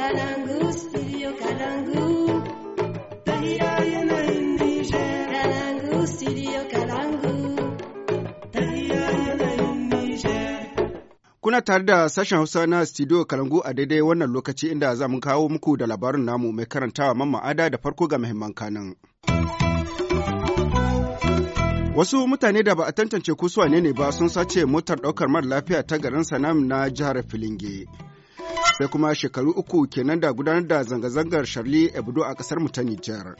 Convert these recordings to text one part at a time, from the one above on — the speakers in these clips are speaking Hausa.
Kalangu, Kuna tare da sashen Hausa na studio Kalangu a daidai wannan lokaci inda za mu kawo muku da labarin namu mai karantawa mamma ada da farko ga muhimman kanan. Wasu mutane da ba a tantance kusuwa ne ba sun sace motar ɗaukar mara lafiya ta garin Sanam na jihar Filinge. sai kuma shekaru uku kenan da gudanar da zanga-zangar Charlie Hebdo a kasar mu ta Nijar.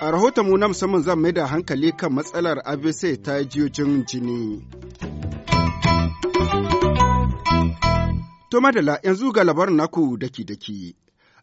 A rahoton mu na musamman zan mai da hankali kan matsalar ABC ta jiyojin jini. To madala yanzu ga labarin naku daki-daki.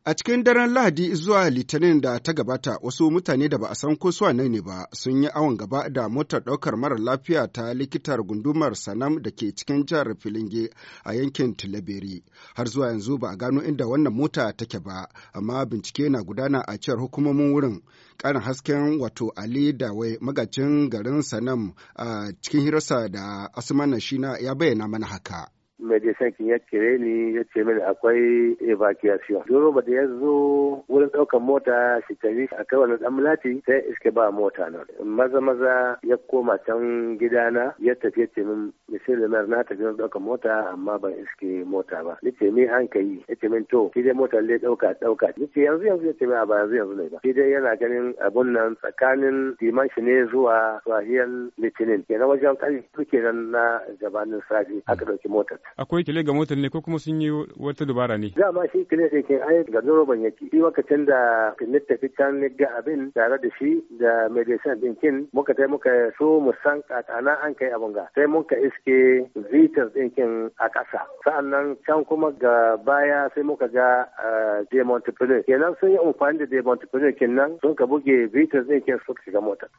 A cikin daren Lahadi zuwa Litinin da ta gabata wasu mutane da ba a san ko nane ne ba sun yi awon gaba da motar ɗaukar marar lafiya ta likitar gundumar Sanam da ke cikin jihar Filinge a yankin Tilaberi. Har zuwa yanzu ba a gano inda wannan mota take ba, amma bincike na gudana a cewar hukumomin wurin. Ƙarin hasken wato Ali Dawai magacin garin Sanam a cikin hirarsa da Asmana Shina ya bayyana mana haka. medecin kin ya kire ni ya ce mini akwai evacuation doro ba da ya zo wurin ɗaukar mota shi tafi a kai wani dan mulati sai iske ba mota na maza maza ya koma can gidana ya tafi ya ce min misir da na tafi wani daukan mota amma ban iske mota ba ni ce min an ka ya ce min to shi dai mota le dauka dauka ni ce yanzu yanzu ya ce min a ba yanzu yanzu ne ba shi dai yana ganin abun nan tsakanin diman shi ne zuwa sahiyan litinin kenan wajen kan kenan na gabanin safi aka ɗauki motar akwai kile ga motar ne ko kuma sun yi wata dubara ne dama shi kile sai ke ai ga roban yake shi lokacin da kinnit tafi can ga abin tare da shi da medicine din kin muka tai muka so mu san kakana an kai abin ga sai muka iske vitas din kin a ƙasa sa'annan can kuma ga baya sai muka ga eh, de montpellier kenan sun yi amfani da de montpellier kin nan sun ka buge vitas din kin suka shiga motar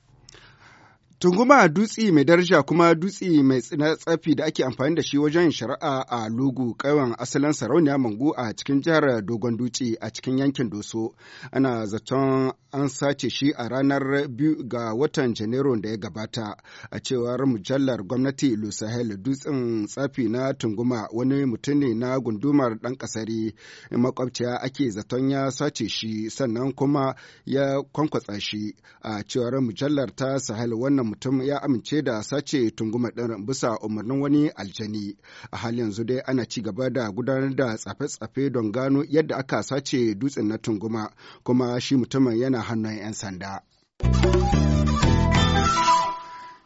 Tunguma dutse mai daraja kuma dutse mai tsafi da ake amfani da shi wajen shari'a a Lugu kaiwan asalin sarauniya Mangu a cikin jihar Dogon Dutse a cikin yankin Doso. Ana zaton an sace shi a ranar biyu ga watan Janairu da ya gabata. A cewar mujallar gwamnati Lusahel dutsen tsafi na Tunguma wani mutum ne na gundumar ɗan ƙasari makwabciya ake zaton ya sace shi sannan kuma ya kwankwatsa shi a cewar mujallar ta Sahel wannan mutum ya amince da sace tunguma ɗin bisa umarnin wani aljani. A hali yanzu dai ana ci gaba da gudanar da tsafe-tsafe don gano yadda aka sace dutsen na tunguma kuma shi mutumin yana hannun 'yan sanda.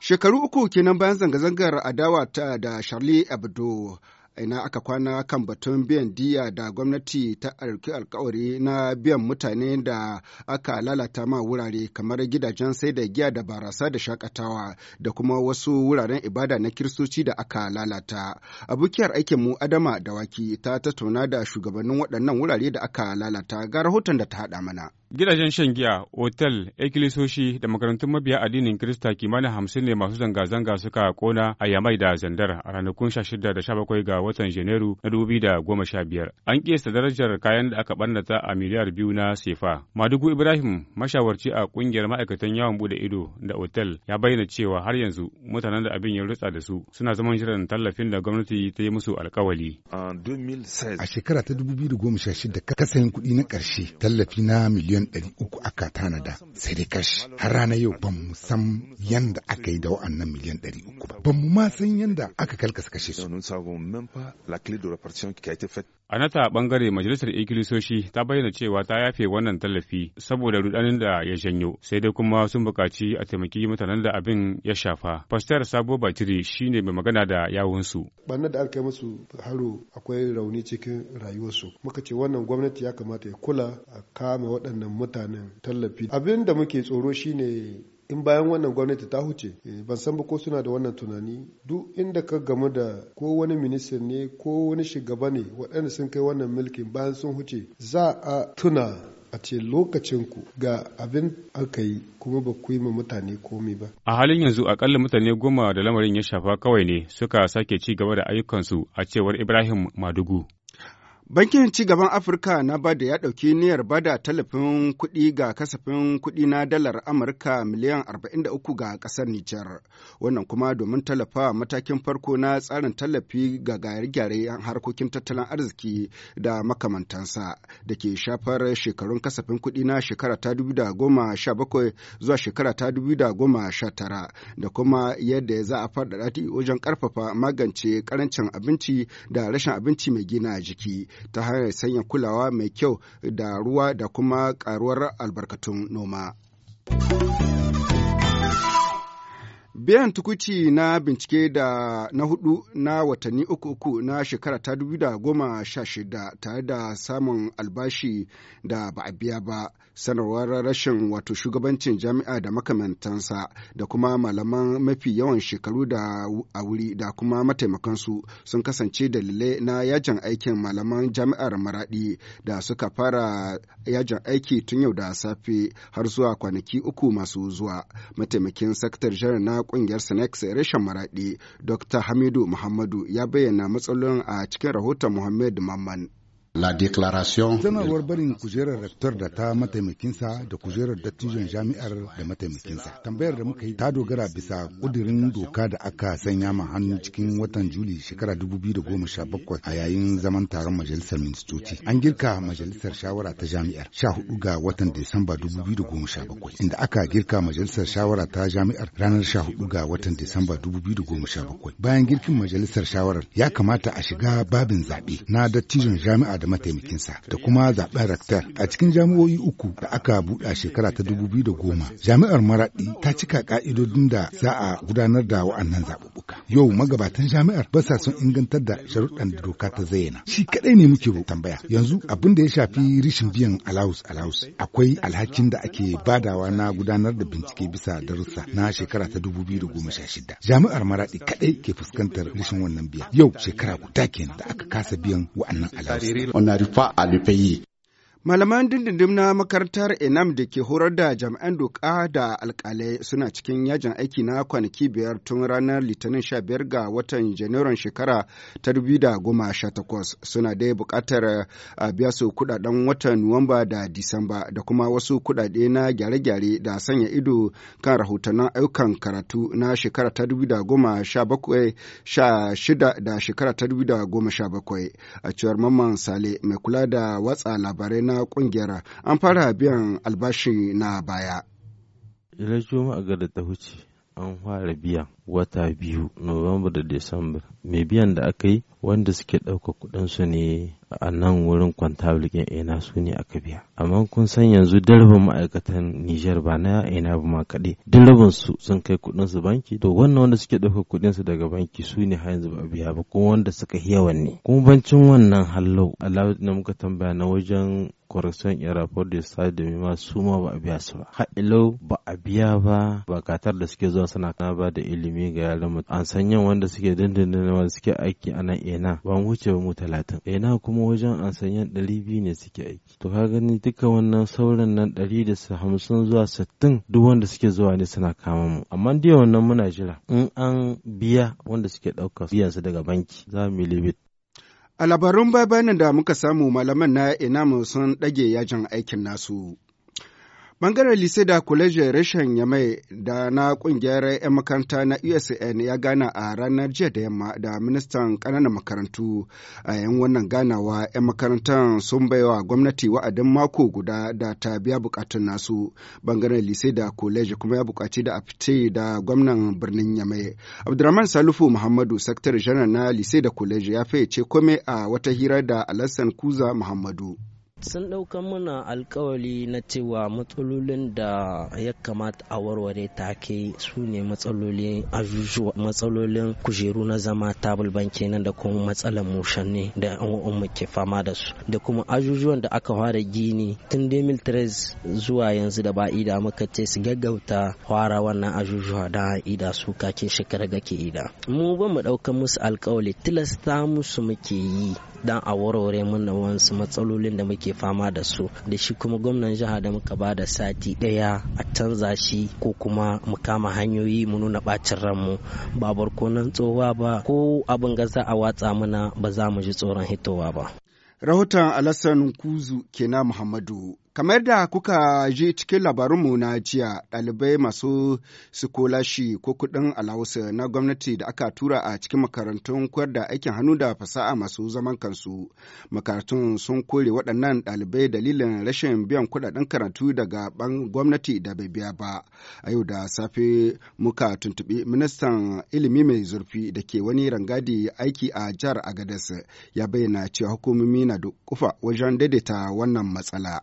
Shekaru uku kenan bayan zanga-zangar adawa ta da Charlie abdo ina aka kwana kan batun biyan diya da gwamnati ta ɗauki alkawari na biyan mutane da aka lalata ma wurare kamar gidajen sai da giya da barasa da shakatawa da kuma wasu wuraren ibada na kiristoci da aka lalata abokiyar aikinmu adama dawaki ta tattauna da shugabannin waɗannan wurare da aka lalata ga rahoton da ta haɗa mana Gidajen shan giya, otel, ekilisoshi da makarantun mabiya addinin Kirista kimanin hamsin ne masu zanga-zanga suka kona a Yamai da Zandar a ranakun 16 da 17 ga watan Janairu na 2015. An kiyasta darajar kayan da aka ɓannata a miliyar biyu na sefa. Madugu Ibrahim, mashawarci a ƙungiyar ma'aikatan yawon bude ido da otel, ya bayyana cewa har yanzu mutanen da abin ya rutsa da su suna zaman jiran tallafin da gwamnati ta yi musu alkawali. A shekara ta 2016 kasayin kuɗi na ƙarshe tallafi na miliyan miliyan ɗari uku aka tanada sai dai kashi har rana yau ba mu san yanda aka yi da wa'annan miliyan ɗari uku ba ba mu ma san yanda aka kalkasa kashe su A nata bangare majalisar ikilisoshi ta bayyana cewa ta yafe wannan tallafi saboda rudanin da ya janyo sai dai kuma sun buƙaci a taimaki mutanen da abin ya shafa. Pastor Sabo Batiri shine mai magana da yawunsu. Bannan da aka musu haro akwai rauni cikin rayuwarsu. Muka ce wannan gwamnati ya kamata ya kula a kama waɗannan mutanen tallafi. Abin da muke tsoro shine in bayan wannan gwamnati ta huce eh, ban san ba ko suna da wannan tunani duk inda ka gamu da ko wani ministan ne ko wani shugaba ne waɗanda sun kai wannan mulkin bayan sun huce za a tuna a ce lokacinku ga abin aka yi kuma ba ku yi ma mutane komi ba. A halin yanzu akalla mutane goma da lamarin ya shafa kawai ne suka sake ci gaba da ayyukansu a cewar Ibrahim Madugu. Bankin ci gaban Afirka na bada ya ɗauki niyyar bada talafin kuɗi ga kasafin kuɗi na dalar Amurka miliyan 43 ga ƙasar Nijar. Wannan kuma domin tallafa matakin farko na tsarin tallafi ga gyare-gyare harkokin tattalin arziki da makamantansa da ke shafar shekarun kasafin kuɗi na shekara ta 2017 zuwa shekara ta 2019 da kuma yadda za a faɗaɗa wajen ƙarfafa magance ƙarancin abinci da rashin abinci mai gina jiki. ta hanyar sanya kulawa mai kyau da ruwa da kuma karuwar albarkatun noma. Biyan tukuci na bincike da na hudu na watanni uku uku na shekara ta dubu da goma sha shida tare da samun albashi da ba a biya ba sanarwar rashin wato shugabancin jami'a da makamantansa da kuma malaman mafi yawan shekaru da a wuri da kuma mataimakansu sun kasance dalilai na yajin aikin malaman jami'ar maradi da suka fara yajin aiki tun yau da safe har zuwa kwanaki uku masu zuwa mataimakin sakatar janar na kungiyar Sinex reshen maraɗi Dr. Hamidu Muhammadu ya bayyana matsalolin a cikin rahoton Muhammad Mamman. La déclaration. Sanarwar barin kujerar rector da ta mataimakinsa da kujerar dattijon jami'ar da mataimakinsa. Tambayar da muka yi ta dogara bisa kudirin doka da aka sanya ma hannu cikin watan Juli shekara 2017 a yayin zaman taron majalisar ministoci. An girka majalisar shawara ta jami'ar 14 ga watan Disamba 2017 inda aka girka majalisar shawara ta jami'ar ranar 14 ga watan Disamba 2017. Bayan girkin majalisar shawarar ya kamata a shiga babin zaɓe na dattijon jami'a da mataimakinsa da kuma zaben raktar a cikin jami'o'i uku da aka buɗa shekara ta dubu biyu da goma. Jami'ar Maraɗi ta cika ka'idodin da za a gudanar da wa'annan zaɓuɓɓuka. Yau magabatan jami'ar ba sa son ingantar da sharuɗan da doka ta zayyana. Shi kaɗai ne muke tambaya. Yanzu abin da ya shafi rishin biyan alawus alawus akwai alhakin da ake badawa na gudanar da bincike bisa darussa na shekara ta dubu biyu da goma sha shida. Jami'ar Maraɗi kaɗai ke fuskantar rishin wannan biya. Yau shekara guda kenan da aka kasa biyan wa'annan alaus on n'arrive pas à le payer. Malaman dindindim na makarantar Enam da ke horar da jami'an doka da alkalai suna cikin yajin aiki na kwanaki biyar tun ranar Litinin 15 ga watan Janairun shekara ta 2018 suna dai bukatar a biya su kudaden watan Nuwamba da Disamba da kuma wasu kudade na gyare-gyare da sanya ido kan rahotannin ayyukan karatu na shekara ta 2016 da shekara ta 2017 a cewar Mamman Sale mai kula da watsa labarai na kungiyar an fara biyan albashi na baya. Ila Juma'a ga da ta wuce an fara biyan wata biyu Nuwamba da Disamba. Mai biyan da aka yi wanda suke ɗauka kuɗinsu ne a nan wurin kwantablikin ina eh, su ne aka biya. Amma kun san yanzu dalibin ma'aikatan Nijar ba na ina ba ma kaɗai. Dalibin su sun kai kuɗinsu banki to wannan wanda suke ɗauka kuɗinsu daga banki su ne har yanzu ba biya ba kuma wanda suka yawan ne. Kuma bancin wannan hallau alawu na muka tambaya na wajen correction airport da sa da ma su ma ba a biya su ba. Ha'ilau ba a biya ba ba katar da suke zuwa suna ba da ilimi ilimi ga yaran mu an san yan wanda suke dindindin wanda suke aiki a nan ena ba mu wuce ba mu talatin ena kuma wajen an san yan ɗari biyu ne suke aiki to ka gani duka wannan sauran nan ɗari da hamsin zuwa sittin duk wanda suke zuwa ne suna kama mu amma dai wannan muna jira in an biya wanda suke ɗauka biyan su daga banki za mu yi A labarun bayanan da muka samu malaman na ina mu sun ɗage yajin aikin nasu. Bangaren lise da reshen rashin yamai da na kungiyar 'yan makaranta na USN ya gana a ranar jiya da yamma da ministan kananan makarantu a yan wannan ganawa 'yan makarantar sun baiwa gwamnati wa'adin mako guda da ta biya bukatun nasu. Bangaren lise da kwaleji kuma ya bukaci da a fice da gwamnan birnin yamai. Abdurrahman Salufu Muhammadu Sakatare janar na lise da kwaleji ya fayyace komai a wata hira da Alassan Kuza Muhammadu. sun ɗauka mana alkawali na cewa matsalolin da ya kamata a warware take su ne matsalolin ajujuwa matsalolin kujeru na zama tabul banki nan da kuma matsalar mushanne da yan ke fama da su da kuma ajujuwan da aka fara gini tun 2013 zuwa yanzu da ba ida muka ce su gaggauta fara wannan ajujuwa da ida su kakin shekara gake ida mu ba mu ɗauka musu alkawali tilasta musu muke yi dan a warware mana wasu matsalolin da muke fama da su da shi kuma gwamnan jiha da muka ba da sati daya a canza shi ko kuma mu kama hanyoyi mu nuna bacin ranmu ba barkonan tsohuwa ba ko abin gasa a watsa mana ba za mu ji tsoron hitowa ba rahoton alassan kuzu kenan muhammadu Kamar da kuka ji cikin labarunmu na jiya ɗalibai masu sukolashi ko kuɗin alhausa na gwamnati da aka tura a cikin makarantun koyar da aikin hannu da fasaha masu zaman kansu. Makarantun sun kore waɗannan ɗalibai dalilin rashin biyan kuɗaɗen karatu daga ban gwamnati da bai biya ba. A yau da safe muka tuntuɓi ministan ilimi mai zurfi da ke wani rangadi aiki a jihar Agadez ya bayyana cewa hukumomi na da kufa wajen daidaita wannan matsala.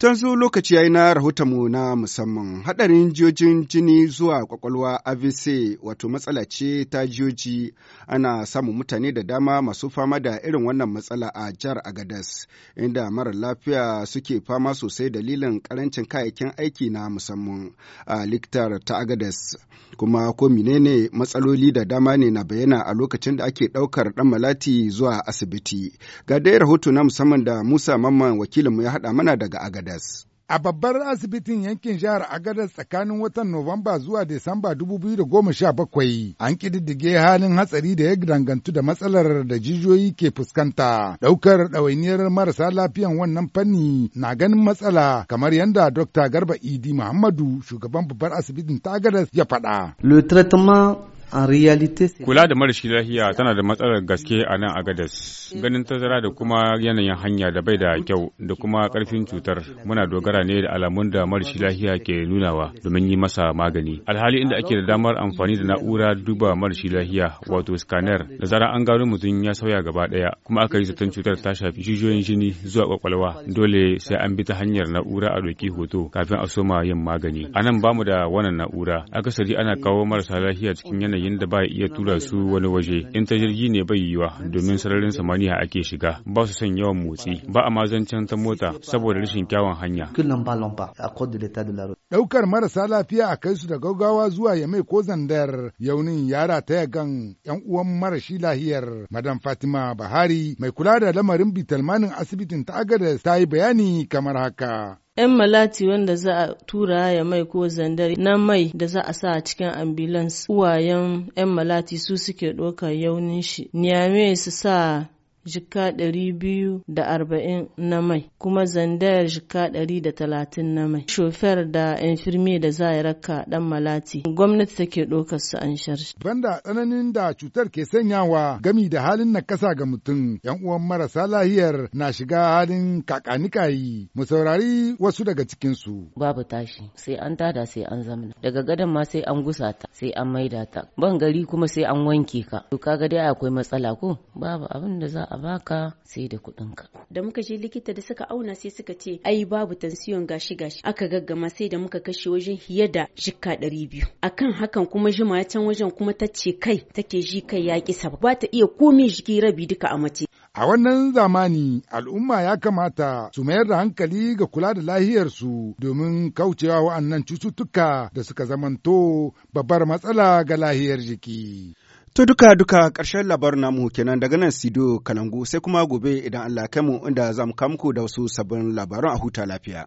Tanzu lokaci ya yi na rahotonmu na musamman haɗarin jiyojin jini zuwa kwakwalwa AVC wato matsala ce ta jiyoji ana samun mutane da dama masu fama da irin wannan matsala a jihar Agadas inda mara lafiya suke fama sosai dalilin karancin kayayyakin aiki na musamman a liktar ta Agadas kuma ko menene matsaloli da dama ne na bayyana a lokacin da ake ɗaukar ɗan malati zuwa asibiti ga dai rahoto na musamman da Musa Mamman wakilinmu ya haɗa mana daga Agadas. A babbar asibitin yankin jihar Agadez tsakanin watan Nuwamba zuwa Disamba 2017 an ƙididdige halin hatsari da ya dangantu da matsalar da jijiyoyi ke fuskanta. Ɗaukar ɗawainiyar marasa lafiyan wannan fanni na ganin matsala kamar yadda Dr. Garba Idi Muhammadu shugaban babbar asibitin ta Agadez ya faɗa. Le traitement Kula da marashi lafiya tana da matsalar gaske a nan a gadas eh. Ganin tazara da kuma yanayin hanya da bai da kyau da kuma karfin cutar muna dogara ne da alamun da marashi lafiya ke nunawa domin yi masa magani. Alhali inda ake da damar amfani da na'ura duba marashi lafiya wato scanner da zara an gano mutum ya sauya gaba daya kuma aka yi zaton cutar ta shafi jijiyoyin jini zuwa kwakwalwa dole sai an bi ta hanyar na'ura a doki hoto kafin a soma yin magani. A nan bamu da wannan na'ura akasari ana kawo marasa lafiya cikin yanayin yanayin da ba iya tura su wani waje in ta jirgi ne bai yiwa domin sararin samaniya ake shiga ba su son yawan motsi ba a mazancen ta mota saboda rashin kyawun hanya daukar marasa lafiya a kai su da gaggawa zuwa ya mai ko zandar yaunin yara ta gan yan uwan marashi lahiyar madam fatima bahari mai kula da lamarin bitalmanin asibitin ta agada ta yi bayani kamar haka 'yan malati wanda za a tura ya mai ko zandare na mai da za a sa a cikin ambulance uwayen 'yan malati su suke ɗaukar yaunin shi niyame su sa jika ɗari biyu da arba'in na mai kuma zandayar jika ɗari da talatin na mai shofar da yan infirme da za a raka dan malati gwamnati take ɗaukar su an sharshi. banda tsananin da cutar ke sanyawa gami da halin na kasa ga mutum yan uwan marasa lahiyar na shiga halin kakanikayi mu saurari wasu daga cikin su babu tashi sai an tada sai an zamna daga gadon ma sai an gusa ta sai an maida ta ban gari kuma sai an wanke ka to kaga dai akwai matsala ko babu abin da za a baka sai da kuɗinka. Da muka je likita da suka auna sai suka ce ai babu tansiyon gashi gashi aka gaggama sai da muka kashe wajen fiye da jikka ɗari biyu. Akan hakan kuma jima can wajen kuma ta ce kai take ji kai ya kisa ba ta iya komai jiki rabi duka a mace. A wannan zamani al'umma ya kamata su mayar da hankali ga kula da lahiyarsu domin kaucewa wa'annan cututtuka da suka zamanto babbar matsala ga lahiyar jiki. To duka duka ƙarshen labarin namu kenan daga nan Sido Kalangu sai kuma gobe idan Allah kai mu inda za mu muku da wasu sabbin labaran a huta lafiya.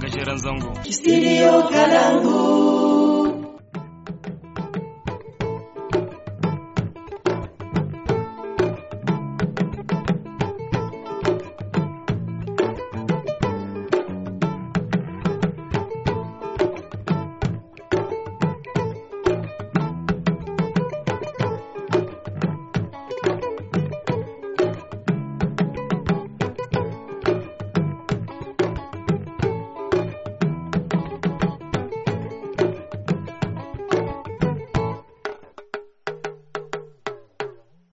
ga shirin zango. Studio Kalangu.